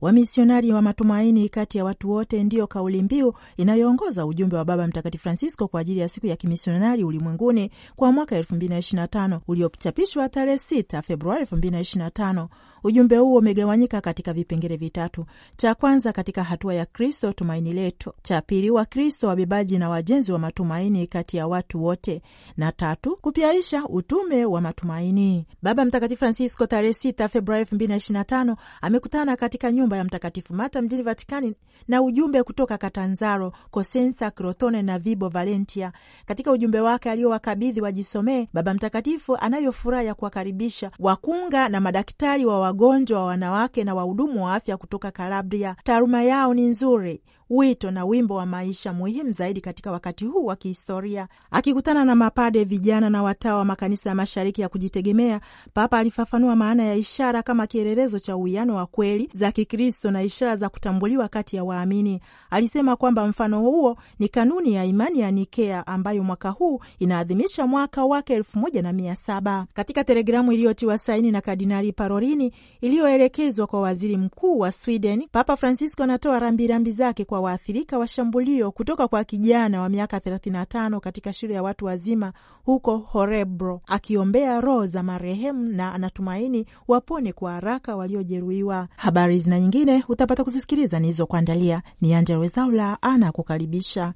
Wamisionari wa matumaini kati ya watu wote ndiyo kauli mbiu inayoongoza ujumbe wa Baba Mtakatifu Francisco kwa ajili ya siku ya kimisionari ulimwenguni kwa mwaka 2025 uliochapishwa tarehe 6 Februari 2025. Ujumbe huo umegawanyika katika vipengele vitatu: cha kwanza katika hatua ya Kristo tumaini letu, cha pili Wakristo wabebaji na wajenzi wa matumaini kati ya watu wote, na tatu kupiaisha utume wa matumaini. Baba Mtakatifu Francisco tarehe 6 Februari 2025 amekutana katika nyumba nyumba ya Mtakatifu Marta mjini Vatikani na ujumbe kutoka Katanzaro, Kosensa, Crotone na Vibo Valentia. Katika ujumbe wake aliyowakabidhi wajisomee, Baba Mtakatifu anayo furaha ya kuwakaribisha wakunga na madaktari wa wagonjwa wa wanawake na wahudumu wa afya kutoka calabria Taaluma yao ni nzuri, wito na wimbo wa maisha muhimu zaidi katika wakati huu wa kihistoria. Akikutana na mapade vijana na watawa wa makanisa ya mashariki ya kujitegemea, Papa alifafanua maana ya ishara kama kielelezo cha uwiano wa kweli za Kikristo na ishara za kutambuliwa kati ya waamini. Alisema kwamba mfano huo ni kanuni ya imani ya Nikea ambayo mwaka huu inaadhimisha mwaka wake elfu moja na mia saba. Katika telegramu iliyotiwa saini na Kardinali Parolini iliyoelekezwa kwa waziri mkuu wa Sweden, Papa Francisco anatoa rambirambi zake kwa kwa waathirika wa shambulio kutoka kwa kijana wa miaka 35 katika shule ya watu wazima huko Horebro, akiombea roho za marehemu na anatumaini wapone kwa haraka waliojeruhiwa. Habari zina nyingine utapata kuzisikiliza nilizokuandalia. Ni Angella Wezaula ana kukaribisha.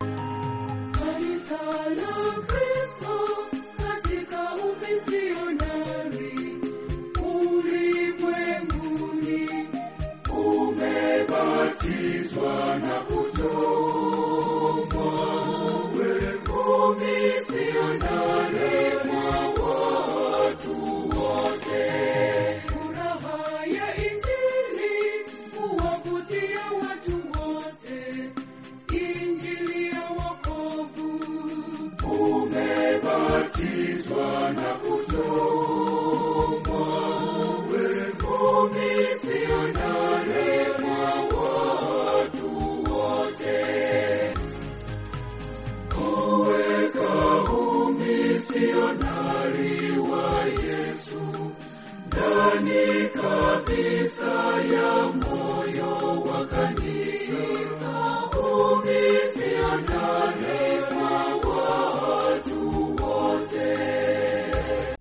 Misionari wa Yesu ndani kabisa ya moyo wa kanisa. Umisionari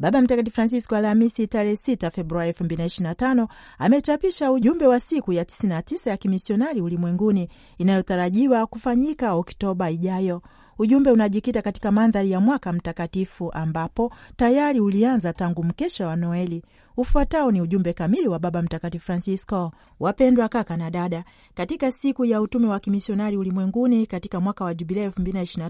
Baba Mtakatifu Francisco Alhamisi tarehe 6 Februari 2025 amechapisha ujumbe wa siku ya 99 ya kimisionari ulimwenguni inayotarajiwa kufanyika Oktoba ijayo Ujumbe unajikita katika mandhari ya mwaka mtakatifu ambapo tayari ulianza tangu mkesha wa Noeli. Ufuatao ni ujumbe kamili wa Baba Mtakatifu Francisco. Wapendwa kaka na dada, katika siku ya utume wa kimisionari ulimwenguni katika mwaka wa jubilei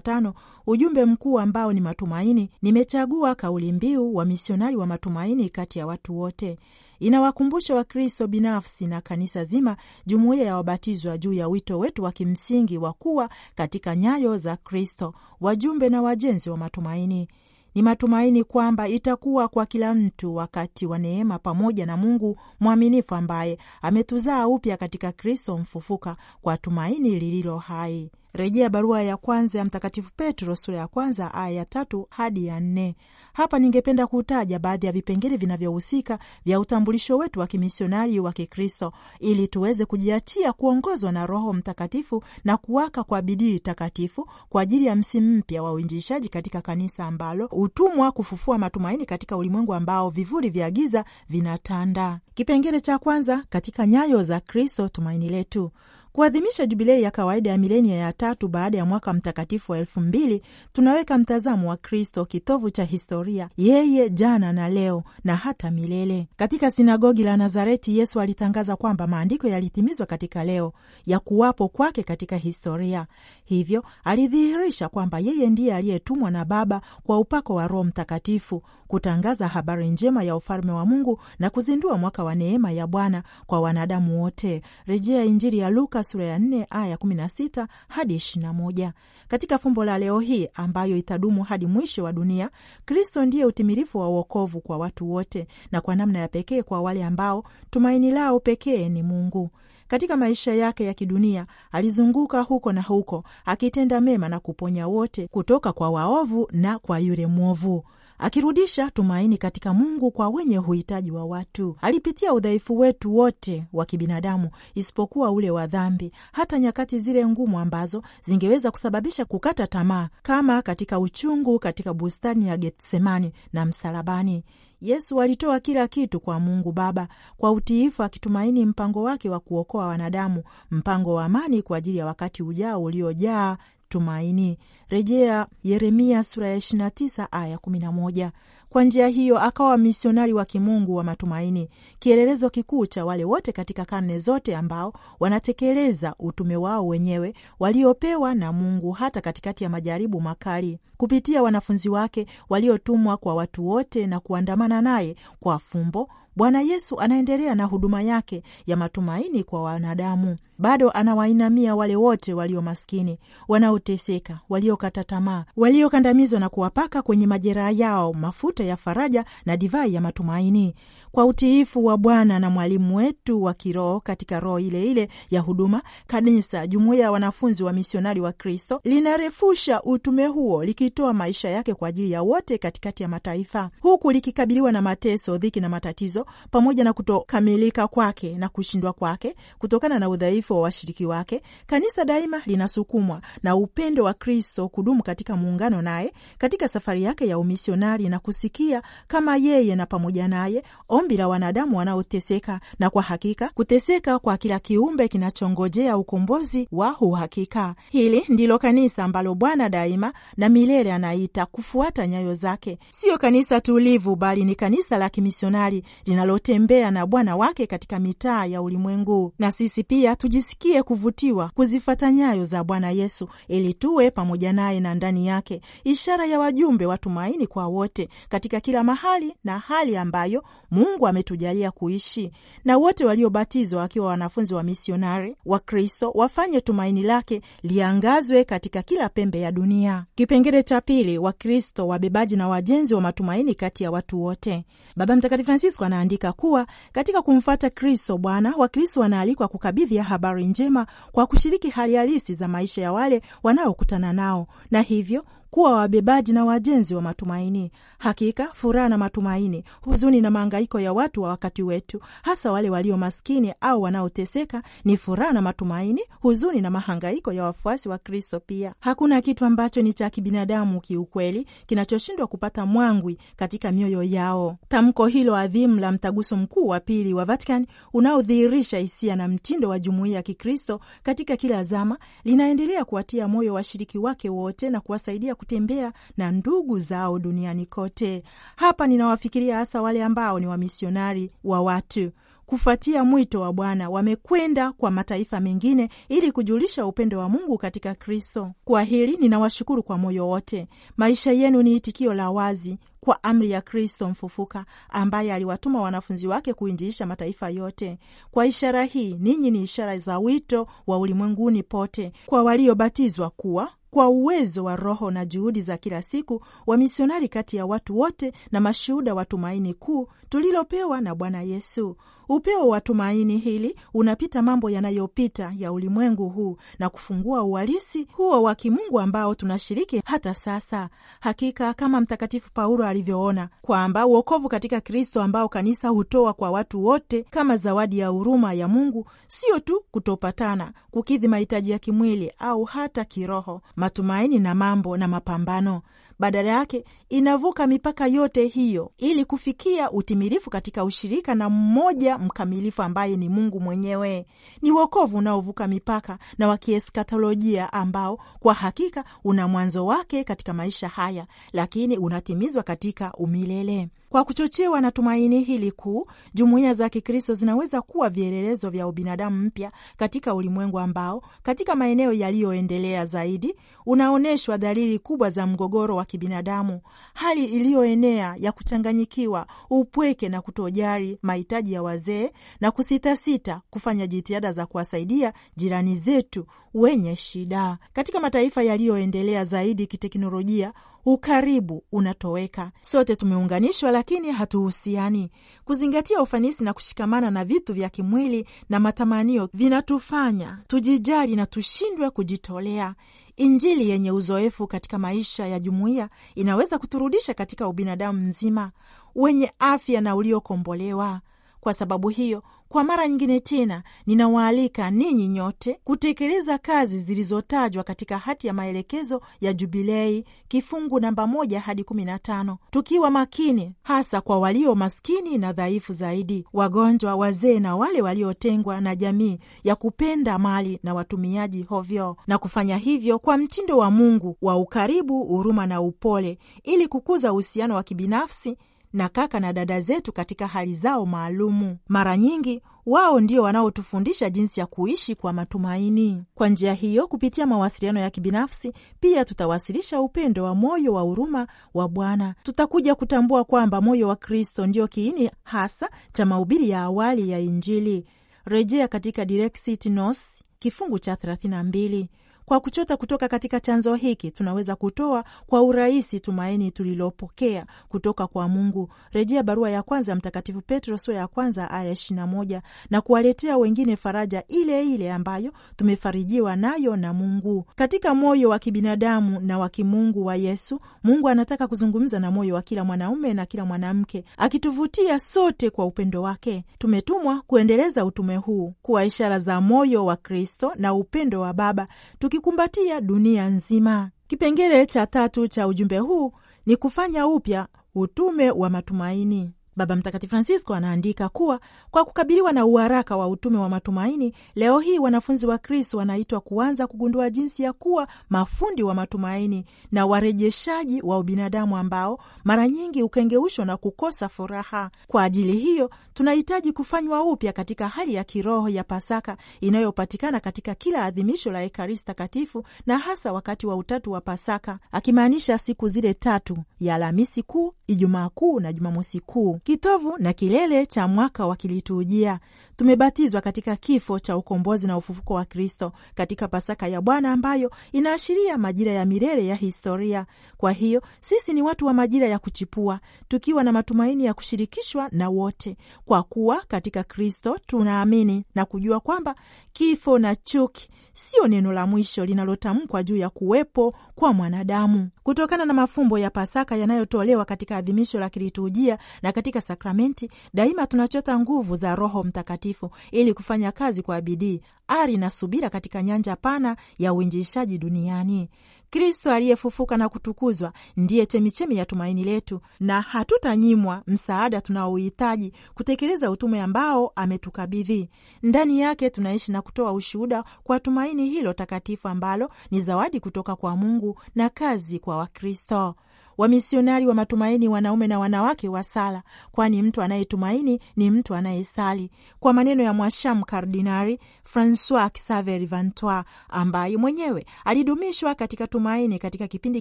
tano, ujumbe mkuu ambao ni matumaini, nimechagua kauli mbiu wa misionari wa matumaini kati ya watu wote. Inawakumbusha Wakristo binafsi na kanisa zima, jumuiya ya wabatizwa, juu ya wito wetu wa kimsingi wa kuwa katika nyayo za Kristo, wajumbe na wajenzi wa matumaini. Ni matumaini kwamba itakuwa kwa kila mtu wakati wa neema pamoja na Mungu mwaminifu ambaye ametuzaa upya katika Kristo mfufuka kwa tumaini lililo hai. Rejea barua ya kwanza ya Mtakatifu Petro sura ya kwanza aya ya tatu hadi ya nne. Hapa ningependa kutaja baadhi ya vipengele vinavyohusika vya utambulisho wetu wa kimisionari wa Kikristo ili tuweze kujiachia kuongozwa na Roho Mtakatifu na kuwaka kwa bidii takatifu kwa ajili ya msimu mpya wa uinjilishaji katika kanisa ambalo hutumwa kufufua matumaini katika ulimwengu ambao vivuli vya giza vinatanda. Kipengele cha kwanza katika nyayo za Kristo, tumaini letu. Kuadhimisha jubilei ya kawaida ya milenia ya tatu baada ya mwaka mtakatifu wa elfu mbili tunaweka mtazamo wa Kristo, kitovu cha historia, yeye jana na leo na hata milele. Katika sinagogi la Nazareti, Yesu alitangaza kwamba maandiko yalitimizwa katika leo ya kuwapo kwake katika historia. Hivyo alidhihirisha kwamba yeye ndiye aliyetumwa na Baba kwa upako wa Roho Mtakatifu kutangaza habari njema ya ufalme wa Mungu na kuzindua mwaka wa neema ya Bwana kwa wanadamu wote. Rejea Injili ya Luka sura ya 4 aya 16 hadi 21. Katika fumbo la leo hii ambayo itadumu hadi mwisho wa dunia, Kristo ndiye utimilifu wa uokovu kwa watu wote na kwa namna ya pekee kwa wale ambao tumaini lao pekee ni Mungu. Katika maisha yake ya kidunia alizunguka huko na huko akitenda mema na kuponya wote kutoka kwa waovu na kwa yule mwovu akirudisha tumaini katika Mungu kwa wenye uhitaji wa watu. Alipitia udhaifu wetu wote wa kibinadamu isipokuwa ule wa dhambi, hata nyakati zile ngumu ambazo zingeweza kusababisha kukata tamaa, kama katika uchungu katika bustani ya Getsemani na msalabani. Yesu alitoa kila kitu kwa Mungu Baba kwa utiifu, akitumaini mpango wake wa kuokoa wanadamu, mpango wa amani kwa ajili ya wakati ujao uliojaa tumaini, rejea Yeremia sura ya 29 aya 11. Kwa njia hiyo akawa misionari wa kimungu wa matumaini, kielelezo kikuu cha wale wote katika karne zote ambao wanatekeleza utume wao wenyewe waliopewa na Mungu hata katikati ya majaribu makali, kupitia wanafunzi wake waliotumwa kwa watu wote na kuandamana naye kwa fumbo. Bwana Yesu anaendelea na huduma yake ya matumaini kwa wanadamu bado anawainamia wale wote walio maskini, wanaoteseka, waliokata tamaa, waliokandamizwa na kuwapaka kwenye majeraha yao mafuta ya faraja na divai ya matumaini, kwa utiifu wa Bwana na mwalimu wetu wa kiroho katika roho ile ile ya huduma. Kanisa, jumuiya ya wanafunzi wa misionari wa Kristo, linarefusha utume huo likitoa maisha yake kwa ajili ya wote katikati ya mataifa, huku likikabiliwa na mateso, dhiki na matatizo, pamoja na kutokamilika kwake na kushindwa kwake kutokana na udhaifu uaminifu wa washiriki wake, kanisa daima linasukumwa na upendo wa Kristo kudumu katika muungano naye katika safari yake ya umisionari na kusikia kama yeye na pamoja naye ombi la wanadamu wanaoteseka na kwa hakika kuteseka kwa kila kiumbe kinachongojea ukombozi wa uhakika. Hili ndilo kanisa ambalo Bwana daima na milele anaita kufuata nyayo zake. Siyo kanisa tulivu, bali ni kanisa la kimisionari linalotembea na Bwana wake katika mitaa ya ulimwengu. Na sisi pia tuji tujisikie kuvutiwa kuzifata nyayo za Bwana Yesu ili tuwe pamoja naye na ndani yake, ishara ya wajumbe wa tumaini kwa wote katika kila mahali na hali ambayo Mungu ametujalia kuishi. Na wote waliobatizwa wakiwa wanafunzi wa misionari wa Kristo wafanye tumaini lake liangazwe katika kila pembe ya dunia. Kipengele cha pili: Wakristo wabebaji na wajenzi wa matumaini kati ya watu wote. Baba Mtakatifu Francisco anaandika kuwa katika kumfata Kristo Bwana, Wakristo wanaalikwa kukabidhi habari habari njema kwa kushiriki hali halisi za maisha ya wale wanaokutana nao, na hivyo kuwa wabebaji na wajenzi wa matumaini. Hakika furaha na matumaini, huzuni na maangaiko ya watu wa wakati wetu, hasa wale walio maskini au wanaoteseka, ni furaha na matumaini, huzuni na mahangaiko ya wafuasi wa Kristo. Pia hakuna kitu ambacho ni cha kibinadamu kiukweli kinachoshindwa kupata mwangwi katika mioyo yao. Tamko hilo adhimu la mtaguso mkuu wa pili wa Vatican unaodhihirisha hisia na mtindo wa jumuiya ya Kikristo katika kila zama linaendelea kuwatia moyo washiriki wake wote na kuwasaidia kutembea na ndugu zao duniani kote. Hapa ninawafikiria hasa wale ambao ni wamisionari wa watu kufuatia mwito wa Bwana wamekwenda kwa mataifa mengine ili kujulisha upendo wa Mungu katika Kristo. Kwa hili ninawashukuru kwa moyo wote. Maisha yenu ni itikio la wazi kwa amri ya Kristo mfufuka ambaye aliwatuma wanafunzi wake kuinjiisha mataifa yote. Kwa ishara hii, ninyi ni ishara za wito wa ulimwenguni pote kwa waliobatizwa kuwa kwa uwezo wa Roho na juhudi za kila siku wa misionari kati ya watu wote na mashuhuda wa tumaini kuu tulilopewa na Bwana Yesu. Upeo wa tumaini hili unapita mambo yanayopita ya ulimwengu huu na kufungua uhalisi huo wa kimungu ambao tunashiriki hata sasa. Hakika kama Mtakatifu Paulo alivyoona kwamba uokovu katika Kristo ambao kanisa hutoa kwa watu wote kama zawadi ya huruma ya Mungu sio tu kutopatana, kukidhi mahitaji ya kimwili au hata kiroho, matumaini na mambo na mapambano badala yake inavuka mipaka yote hiyo ili kufikia utimilifu katika ushirika na mmoja mkamilifu ambaye ni Mungu mwenyewe. Ni wokovu unaovuka mipaka na wa kieskatolojia ambao kwa hakika una mwanzo wake katika maisha haya, lakini unatimizwa katika umilele. Kwa kuchochewa na tumaini hili kuu, jumuiya za Kikristo zinaweza kuwa vielelezo vya ubinadamu mpya katika ulimwengu ambao, katika maeneo yaliyoendelea zaidi, unaonyeshwa dalili kubwa za mgogoro wa kibinadamu, hali iliyoenea ya kuchanganyikiwa, upweke na kutojali mahitaji ya wazee na kusitasita kufanya jitihada za kuwasaidia jirani zetu wenye shida. Katika mataifa yaliyoendelea zaidi kiteknolojia ukaribu unatoweka. Sote tumeunganishwa, lakini hatuhusiani. Kuzingatia ufanisi na kushikamana na vitu vya kimwili na matamanio vinatufanya tujijali na tushindwe kujitolea. Injili yenye uzoefu katika maisha ya jumuiya inaweza kuturudisha katika ubinadamu mzima wenye afya na uliokombolewa. Kwa sababu hiyo, kwa mara nyingine tena ninawaalika ninyi nyote kutekeleza kazi zilizotajwa katika hati ya maelekezo ya Jubilei kifungu namba moja hadi kumi na tano, tukiwa makini hasa kwa walio maskini na dhaifu zaidi, wagonjwa, wazee na wale waliotengwa na jamii ya kupenda mali na watumiaji hovyo, na kufanya hivyo kwa mtindo wa Mungu wa ukaribu, huruma na upole, ili kukuza uhusiano wa kibinafsi na kaka na dada zetu katika hali zao maalumu. Mara nyingi wao ndio wanaotufundisha jinsi ya kuishi kwa matumaini. Kwa njia hiyo, kupitia mawasiliano ya kibinafsi, pia tutawasilisha upendo wa moyo wa huruma wa Bwana. Tutakuja kutambua kwamba moyo wa Kristo ndio kiini hasa cha mahubiri ya awali ya Injili. Rejea katika Dilexit Nos kifungu cha 32. Kwa kuchota kutoka katika chanzo hiki tunaweza kutoa kwa urahisi tumaini tulilopokea kutoka kwa Mungu, rejea barua ya kwanza Mtakatifu Petro sura ya kwanza aya ishirini na moja na kuwaletea wengine faraja ile ile ambayo tumefarijiwa nayo na Mungu. Katika moyo wa kibinadamu na wa kimungu wa Yesu, Mungu anataka kuzungumza na moyo wa kila mwanaume na kila mwanamke, akituvutia sote kwa upendo wake. Tumetumwa kuendeleza utume huu, kuwa ishara za moyo wa Kristo na upendo wa Baba tuki ikikumbatia dunia nzima. Kipengele cha tatu cha ujumbe huu ni kufanya upya utume wa matumaini. Baba Mtakatifu Francisco anaandika kuwa kwa kukabiliwa na uharaka wa utume wa matumaini, leo hii wanafunzi wa Kristo wanaitwa kuanza kugundua jinsi ya kuwa mafundi wa matumaini na warejeshaji wa ubinadamu ambao mara nyingi ukengeushwa na kukosa furaha. Kwa ajili hiyo, tunahitaji kufanywa upya katika hali ya kiroho ya Pasaka inayopatikana katika kila adhimisho la Ekaristi Takatifu na hasa wakati wa Utatu wa Pasaka, akimaanisha siku zile tatu ya Alhamisi Kuu, Ijumaa Kuu na Jumamosi Kuu, kitovu na kilele cha mwaka wa kiliturujia. Tumebatizwa katika kifo cha ukombozi na ufufuko wa Kristo katika Pasaka ya Bwana ambayo inaashiria majira ya milele ya historia. Kwa hiyo sisi ni watu wa majira ya kuchipua, tukiwa na matumaini ya kushirikishwa na wote, kwa kuwa katika Kristo tunaamini na kujua kwamba kifo na chuki siyo neno la mwisho linalotamkwa juu ya kuwepo kwa mwanadamu. Kutokana na mafumbo ya Pasaka yanayotolewa katika adhimisho la kiliturujia na katika sakramenti, daima tunachota nguvu za Roho Mtakatifu ili kufanya kazi kwa bidii, ari na subira katika nyanja pana ya uinjilishaji duniani. Kristo aliyefufuka na kutukuzwa ndiye chemichemi ya tumaini letu, na hatutanyimwa msaada tunaouhitaji kutekeleza utume ambao ametukabidhi. Ndani yake tunaishi na kutoa ushuhuda kwa tumaini hilo takatifu ambalo ni zawadi kutoka kwa Mungu na kazi kwa Wakristo. Wamisionari wa matumaini, wanaume na wanawake wa sala, kwani mtu anayetumaini ni mtu anayesali, kwa maneno ya mwasham Kardinari Francois Xavier Vantoi, ambaye mwenyewe alidumishwa katika tumaini katika kipindi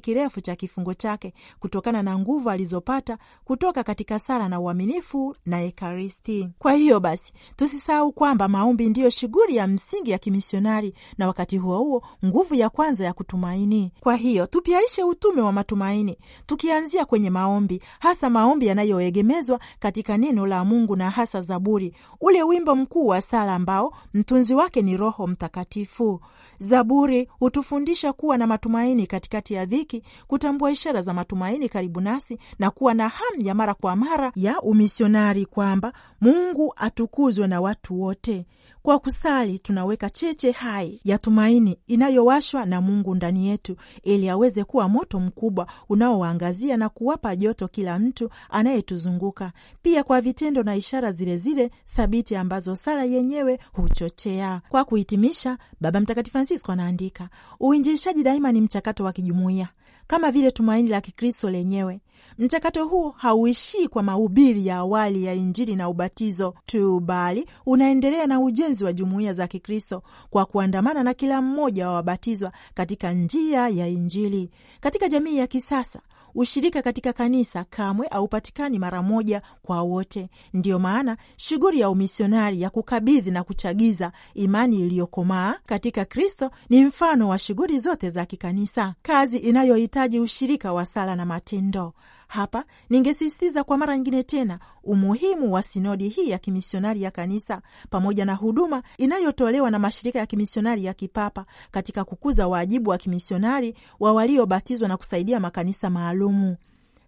kirefu cha kifungo chake kutokana na nguvu alizopata kutoka katika sala na uaminifu na Ekaristi. Kwa hiyo basi, tusisahau kwamba maombi ndiyo shughuli ya msingi ya kimisionari na wakati huo huo nguvu ya kwanza ya kutumaini. Kwa hiyo tupiaishe utume wa matumaini tukianzia kwenye maombi, hasa maombi yanayoegemezwa katika neno la Mungu na hasa Zaburi, ule wimbo mkuu wa sala ambao mtunzi wake ni Roho Mtakatifu. Zaburi hutufundisha kuwa na matumaini katikati ya dhiki, kutambua ishara za matumaini karibu nasi na kuwa na hamu ya mara kwa mara ya umisionari, kwamba Mungu atukuzwe na watu wote. Kwa kusali tunaweka cheche hai ya tumaini inayowashwa na Mungu ndani yetu ili aweze kuwa moto mkubwa unaoangazia na kuwapa joto kila mtu anayetuzunguka, pia kwa vitendo na ishara zile zile thabiti ambazo sala yenyewe huchochea. Kwa kuhitimisha, Baba Mtakatifu Francisco anaandika, uinjilishaji daima ni mchakato wa kijumuiya kama vile tumaini la Kikristo lenyewe Mchakato huu hauishii kwa mahubiri ya awali ya Injili na ubatizo tu, bali unaendelea na ujenzi wa jumuiya za Kikristo kwa kuandamana na kila mmoja wa wabatizwa katika njia ya Injili. Katika jamii ya kisasa Ushirika katika kanisa kamwe haupatikani mara moja kwa wote. Ndiyo maana shughuli ya umisionari ya kukabidhi na kuchagiza imani iliyokomaa katika Kristo ni mfano wa shughuli zote za kikanisa, kazi inayohitaji ushirika wa sala na matendo. Hapa ningesisitiza kwa mara nyingine tena umuhimu wa sinodi hii ya kimisionari ya kanisa pamoja na huduma inayotolewa na mashirika ya kimisionari ya kipapa katika kukuza wajibu wa kimisionari wa waliobatizwa na kusaidia makanisa maalumu.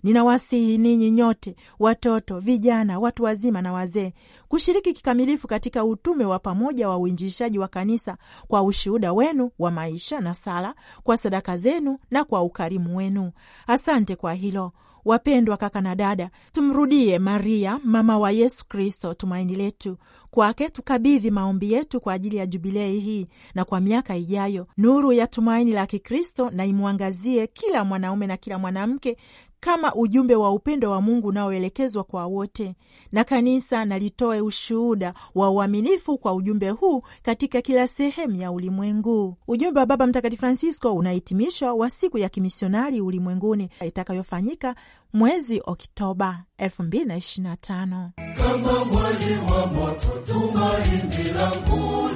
Ninawasihi ninyi nyote, watoto, vijana, watu wazima na wazee, kushiriki kikamilifu katika utume wa pamoja wa uinjilishaji wa kanisa kwa ushuhuda wenu wa maisha na sala, kwa sadaka zenu na kwa ukarimu wenu. Asante kwa hilo. Wapendwa kaka na dada, tumrudie Maria, mama wa Yesu Kristo, tumaini letu, Kwake tukabidhi maombi yetu kwa ajili ya jubilei hii na kwa miaka ijayo. Nuru ya tumaini la Kikristo na imwangazie kila mwanaume na kila mwanamke kama ujumbe wa upendo wa Mungu unaoelekezwa kwa wote, na kanisa nalitoe ushuhuda wa uaminifu kwa ujumbe huu katika kila sehemu ya ulimwengu. Ujumbe wa Baba Mtakatifu Francisco unahitimishwa wa siku ya kimisionari ulimwenguni itakayofanyika mwezi Oktoba 2025. Kama mwali wa moto tumaini langu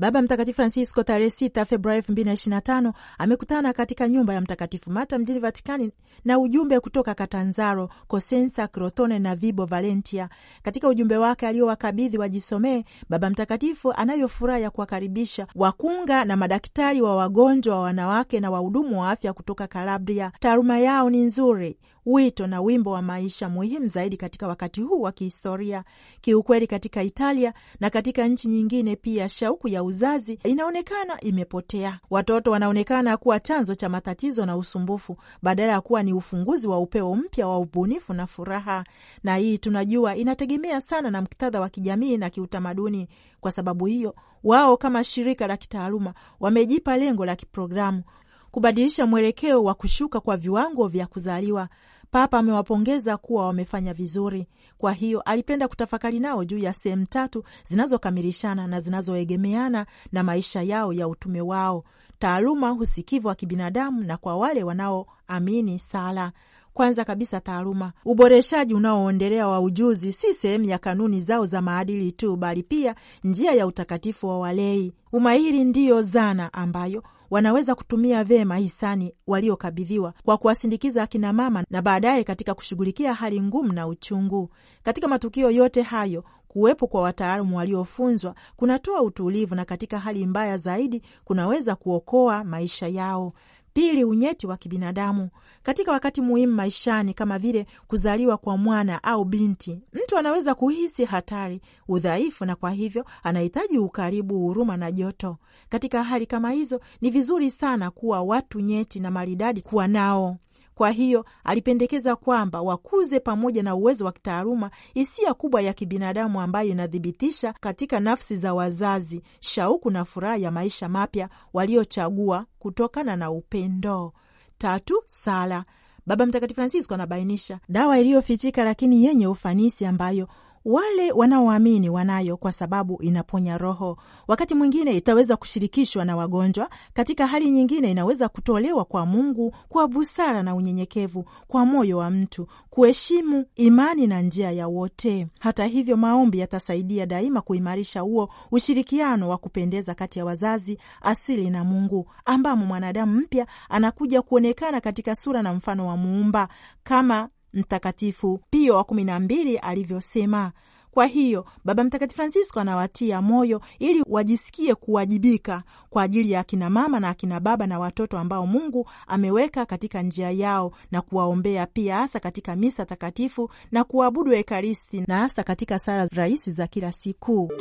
Baba Mtakatifu Francisco tarehe 6 Februari 2025 amekutana katika nyumba ya Mtakatifu Mata mjini Vatikani na ujumbe kutoka Katanzaro, Kosensa, Crotone na Vibo Valentia. Katika ujumbe wake aliowakabidhi wajisomee, Baba Mtakatifu anayo furaha ya kuwakaribisha wakunga na madaktari wa wagonjwa wa wanawake na wahudumu wa afya kutoka Kalabria. Taaluma yao ni nzuri, wito na wimbo wa maisha muhimu zaidi katika wakati huu wa kihistoria. Kiukweli, katika Italia na katika nchi nyingine pia, shauku ya uzazi inaonekana imepotea. Watoto wanaonekana kuwa chanzo cha matatizo na usumbufu badala ya kuwa ni ufunguzi wa upeo mpya wa ubunifu na furaha. Na hii tunajua inategemea sana na muktadha wa kijamii na kiutamaduni. Kwa sababu hiyo, wao kama shirika la kitaaluma wamejipa lengo la kiprogramu kubadilisha mwelekeo wa kushuka kwa viwango vya kuzaliwa Papa amewapongeza kuwa wamefanya vizuri. Kwa hiyo alipenda kutafakari nao juu ya sehemu tatu zinazokamilishana na zinazoegemeana na maisha yao ya utume wao: taaluma, usikivu wa kibinadamu na kwa wale wanaoamini sala. Kwanza kabisa taaluma, uboreshaji unaoendelea wa ujuzi si sehemu ya kanuni zao za maadili tu, bali pia njia ya utakatifu wa walei. Umahiri ndiyo zana ambayo wanaweza kutumia vyema hisani waliokabidhiwa kwa kuwasindikiza akina mama na baadaye katika kushughulikia hali ngumu na uchungu. Katika matukio yote hayo kuwepo kwa wataalamu waliofunzwa kunatoa utulivu na katika hali mbaya zaidi kunaweza kuokoa maisha yao. Pili, unyeti wa kibinadamu katika wakati muhimu maishani kama vile kuzaliwa kwa mwana au binti, mtu anaweza kuhisi hatari, udhaifu, na kwa hivyo anahitaji ukaribu, huruma na joto. Katika hali kama hizo, ni vizuri sana kuwa watu nyeti na maridadi kuwa nao. Kwa hiyo alipendekeza kwamba wakuze pamoja na uwezo wa kitaaluma hisia kubwa ya kibinadamu ambayo inathibitisha katika nafsi za wazazi shauku na furaha ya maisha mapya waliochagua kutokana na upendo. Tatu, sala. Baba Mtakatifu Francisco anabainisha dawa iliyofichika lakini yenye ufanisi ambayo wale wanaoamini wanayo kwa sababu inaponya roho. Wakati mwingine itaweza kushirikishwa na wagonjwa, katika hali nyingine inaweza kutolewa kwa Mungu kwa busara na unyenyekevu, kwa moyo wa mtu kuheshimu imani na njia ya wote. Hata hivyo, maombi yatasaidia daima kuimarisha huo ushirikiano wa kupendeza kati ya wazazi, asili na Mungu, ambamo mwanadamu mpya anakuja kuonekana katika sura na mfano wa Muumba kama Mtakatifu Pio wa kumi na mbili alivyosema. Kwa hiyo Baba Mtakatifu Francisco anawatia moyo ili wajisikie kuwajibika kwa ajili ya akina mama na akina baba na watoto ambao Mungu ameweka katika njia yao na kuwaombea pia, hasa katika misa takatifu na kuabudu Ekaristi na hasa katika sala rahisi za kila siku.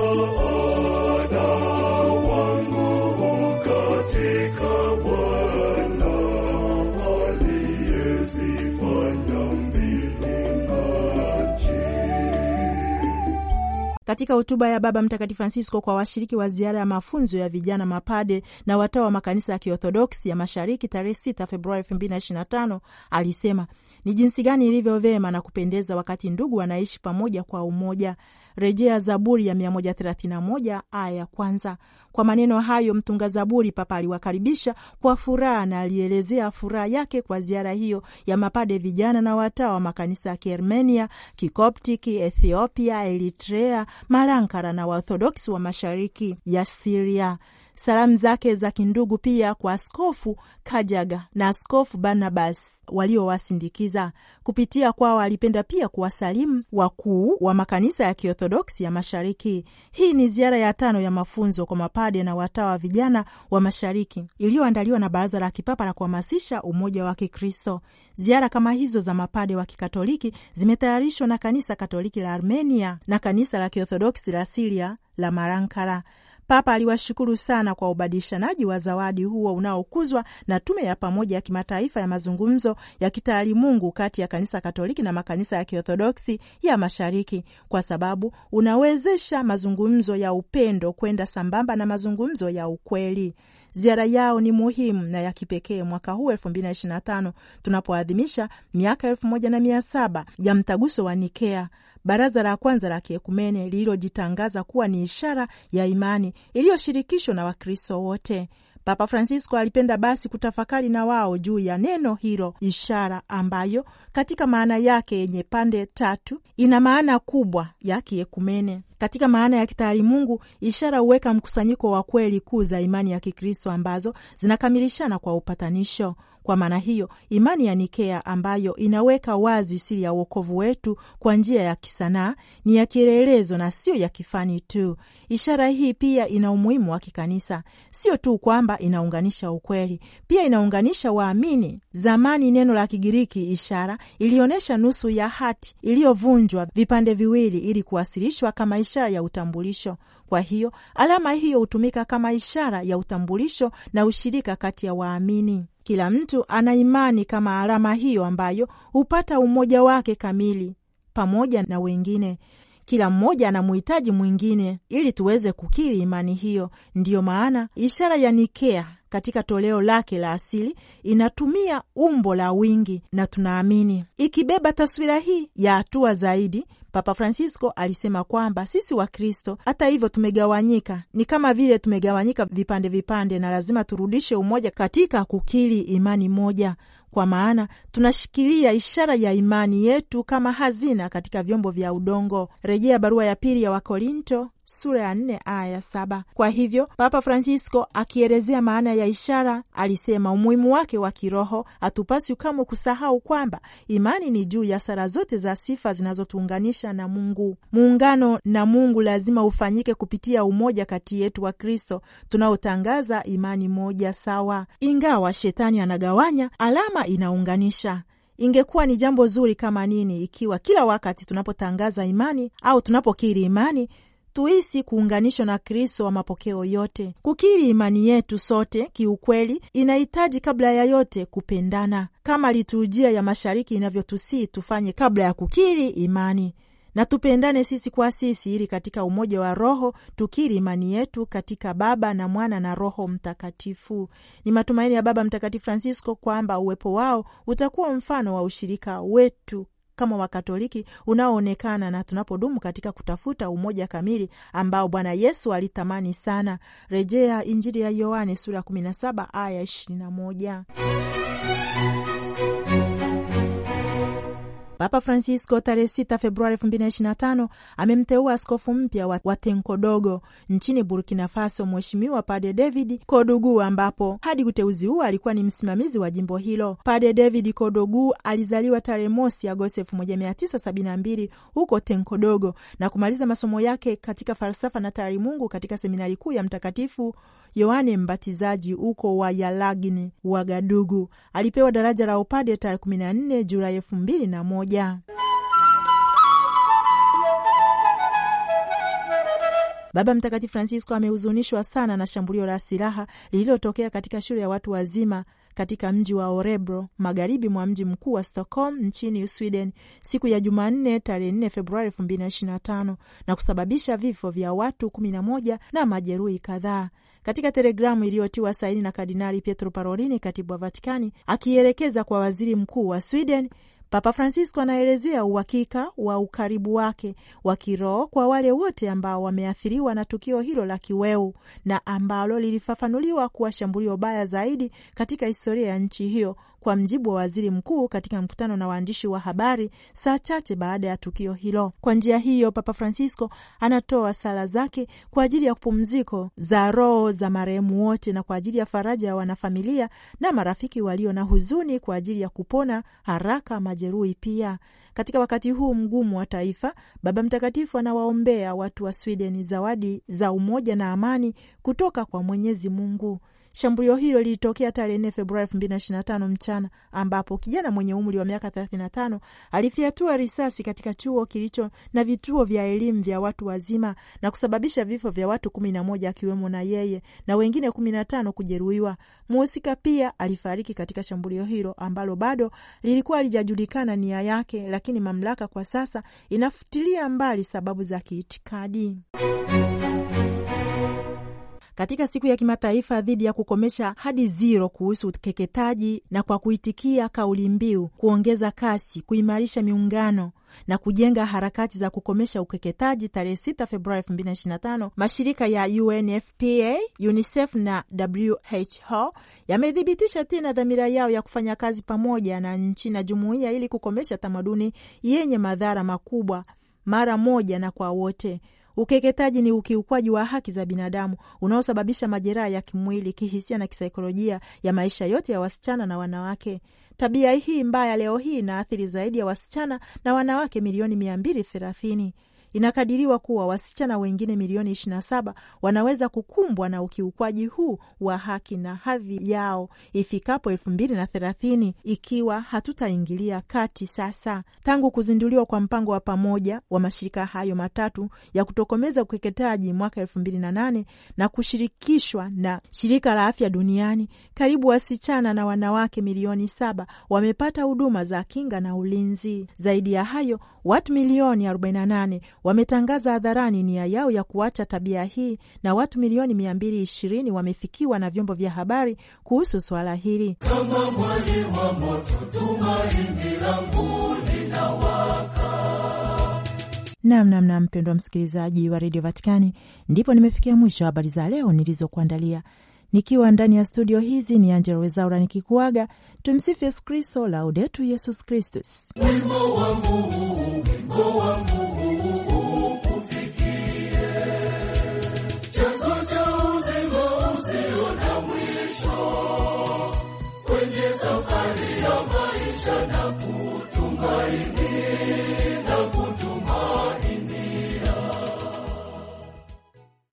Oh. Katika hotuba ya Baba Mtakatifu Francisco kwa washiriki wa ziara ya mafunzo ya vijana mapade na watawa wa makanisa ya Kiorthodoksi ya Mashariki tarehe 6 Februari 2025 alisema ni jinsi gani ilivyo vema na kupendeza wakati ndugu wanaishi pamoja kwa umoja Rejea Zaburi ya 131 aya ya kwanza. Kwa maneno hayo mtunga zaburi papa aliwakaribisha kwa furaha na alielezea furaha yake kwa ziara hiyo ya mapade vijana na watawa wa makanisa ya Kiarmenia, Kikoptiki, Ethiopia, Eritrea, Marankara na Waorthodoksi wa mashariki ya Siria. Salamu zake za kindugu pia kwa Askofu Kajaga na Askofu Barnabas waliowasindikiza. Kupitia kwao alipenda pia kuwasalimu wakuu wa makanisa ya Kiorthodoksi ya Mashariki. Hii ni ziara ya tano ya mafunzo kwa mapade na watawa vijana wa Mashariki iliyoandaliwa na Baraza la Kipapa la Kuhamasisha Umoja wa Kikristo. Ziara kama hizo za mapade wa Kikatoliki zimetayarishwa na Kanisa Katoliki la Armenia na Kanisa la Kiorthodoksi la Siria la Marankara. Papa aliwashukuru sana kwa ubadilishanaji wa zawadi huo unaokuzwa na Tume ya Pamoja ya Kimataifa ya Mazungumzo ya Kitaalimungu kati ya Kanisa Katoliki na makanisa ya Kiorthodoksi ya Mashariki, kwa sababu unawezesha mazungumzo ya upendo kwenda sambamba na mazungumzo ya ukweli. Ziara yao ni muhimu na ya kipekee mwaka huu 2025 tunapoadhimisha miaka 1700 ya mtaguso wa Nikea, baraza la kwanza la kiekumene lililojitangaza kuwa ni ishara ya imani iliyoshirikishwa na Wakristo wote. Papa Francisco alipenda basi kutafakari na wao juu ya neno hilo ishara, ambayo katika maana yake yenye pande tatu ina maana kubwa ya kiekumene. Katika maana ya kitayari Mungu, ishara huweka mkusanyiko wa kweli kuu za imani ya Kikristo ambazo zinakamilishana kwa upatanisho. Kwa maana hiyo, imani ya Nikea ambayo inaweka wazi siri ya uokovu wetu kwa njia ya kisanaa ni ya kielelezo na siyo ya kifani tu. Ishara hii pia ina umuhimu wa kikanisa, sio tu kwamba inaunganisha ukweli, pia inaunganisha waamini. Zamani neno la Kigiriki ishara ilionyesha nusu ya hati iliyovunjwa vipande viwili ili kuwasilishwa kama ishara ya utambulisho. Kwa hiyo alama hiyo hutumika kama ishara ya utambulisho na ushirika kati ya waamini. Kila mtu ana imani kama alama hiyo ambayo hupata umoja wake kamili pamoja na wengine. Kila mmoja anamhitaji mwingine ili tuweze kukiri imani hiyo. Ndiyo maana ishara ya Nikea katika toleo lake la asili inatumia umbo la wingi, na tunaamini ikibeba taswira hii ya hatua zaidi Papa Francisco alisema kwamba sisi Wakristo hata hivyo tumegawanyika, ni kama vile tumegawanyika vipande vipande, na lazima turudishe umoja katika kukiri imani moja kwa maana tunashikilia ishara ya imani yetu kama hazina katika vyombo vya udongo, rejea barua ya pili ya Wakorinto sura ya nne aya ya saba. Kwa hivyo Papa Francisco akielezea maana ya ishara alisema umuhimu wake wa kiroho, hatupaswi kamwe kusahau kwamba imani ni juu ya sara zote za sifa zinazotuunganisha na Mungu. Muungano na Mungu lazima ufanyike kupitia umoja kati yetu wa Kristo tunaotangaza imani moja sawa. Ingawa shetani anagawanya, alama inaunganisha. Ingekuwa ni jambo zuri kama nini ikiwa kila wakati tunapotangaza imani au tunapokiri imani tuisi kuunganishwa na Kristo wa mapokeo yote. Kukiri imani yetu sote kiukweli inahitaji kabla ya yote kupendana, kama liturujia ya mashariki inavyotusii tufanye kabla ya kukiri imani na tupendane sisi kwa sisi, ili katika umoja wa Roho tukiri imani yetu katika Baba na Mwana na Roho Mtakatifu. Ni matumaini ya Baba Mtakatifu Francisco kwamba uwepo wao utakuwa mfano wa ushirika wetu kama Wakatoliki unaoonekana na tunapodumu katika kutafuta umoja kamili ambao Bwana Yesu alitamani sana. Rejea Injili ya Yohane sura 17 aya 21. Papa Francisco tarehe 6 Februari 2025 amemteua askofu mpya wa, wa Tenkodogo nchini Burkina Faso, Mheshimiwa Pade David Kodogu, ambapo hadi uteuzi huo alikuwa ni msimamizi wa jimbo hilo. Pade David Kodogu alizaliwa tarehe mosi Agosti 1972 huko Tenkodogo na kumaliza masomo yake katika falsafa na tayari mungu katika seminari kuu ya Mtakatifu Yohane Mbatizaji uko wa Yalagini Wagadugu. Alipewa daraja la upade tarehe 14 Julai moja. Baba Mtakatifu Francisco amehuzunishwa sana na shambulio la silaha lililotokea katika shule ya watu wazima katika mji wa Orebro magharibi mwa mji mkuu wa Stockholm nchini Sweden siku ya Jumanne tarehe 4 Februari 2025 na kusababisha vifo vya watu 11 na majeruhi kadhaa. Katika telegramu iliyotiwa saini na Kardinali Pietro Parolini, katibu wa Vatikani, akielekeza kwa waziri mkuu wa Sweden, Papa Francisco anaelezea uhakika wa ukaribu wake wa kiroho kwa wale wote ambao wameathiriwa na tukio hilo la kiweu na ambalo lilifafanuliwa kuwa shambulio baya zaidi katika historia ya nchi hiyo kwa mjibu wa waziri mkuu katika mkutano na waandishi wa habari saa chache baada ya tukio hilo. Kwa njia hiyo, Papa Francisco anatoa sala zake kwa ajili ya pumziko za roho za marehemu wote na kwa ajili ya faraja ya wanafamilia na marafiki walio na huzuni, kwa ajili ya kupona haraka majeruhi pia. Katika wakati huu mgumu wa taifa, Baba Mtakatifu anawaombea watu wa Sweden zawadi za umoja na amani kutoka kwa Mwenyezi Mungu. Shambulio hilo lilitokea tarehe 4 Februari 2025 mchana, ambapo kijana mwenye umri wa miaka 35 alifyatua risasi katika chuo kilicho na vituo vya elimu vya watu wazima na kusababisha vifo vya watu 11 akiwemo na yeye na wengine 15 kujeruhiwa. Mhusika pia alifariki katika shambulio hilo ambalo bado lilikuwa halijajulikana nia yake, lakini mamlaka kwa sasa inafutilia mbali sababu za kiitikadi katika siku ya kimataifa dhidi ya kukomesha hadi ziro kuhusu ukeketaji na kwa kuitikia kauli mbiu kuongeza kasi, kuimarisha miungano na kujenga harakati za kukomesha ukeketaji tarehe 6 Februari 2025, mashirika ya UNFPA, UNICEF na WHO yamethibitisha tena dhamira yao ya kufanya kazi pamoja na nchi na jumuiya ili kukomesha tamaduni yenye madhara makubwa mara moja na kwa wote Ukeketaji ni ukiukwaji wa haki za binadamu unaosababisha majeraha ya kimwili, kihisia na kisaikolojia ya maisha yote ya wasichana na wanawake. Tabia hii mbaya leo hii inaathiri zaidi ya wasichana na wanawake milioni mia mbili thelathini. Inakadiriwa kuwa wasichana wengine milioni 27 wanaweza kukumbwa na ukiukwaji huu wa haki na hadhi yao ifikapo 2030 ikiwa hatutaingilia kati sasa. Tangu kuzinduliwa kwa mpango wa pamoja wa mashirika hayo matatu ya kutokomeza ukeketaji mwaka 2008 na kushirikishwa na Shirika la Afya Duniani, karibu wasichana na wanawake milioni saba wamepata huduma za kinga na ulinzi. Zaidi ya hayo, watu milioni 48 wametangaza hadharani nia yao ya kuacha tabia hii na watu milioni 220 wamefikiwa na vyombo vya habari kuhusu swala hili. Kama mwali wa moto, tumaini langu linawaka. Namnamna mpendwa msikilizaji wa redio Vatikani, ndipo nimefikia mwisho wa habari za leo nilizokuandalia nikiwa ndani ya studio hizi. Ni Angela Wezaura nikikuaga. Tumsifu Yesu Kristo, laudetu Yesus Kristus. Wimbo wangu, wimbo wangu.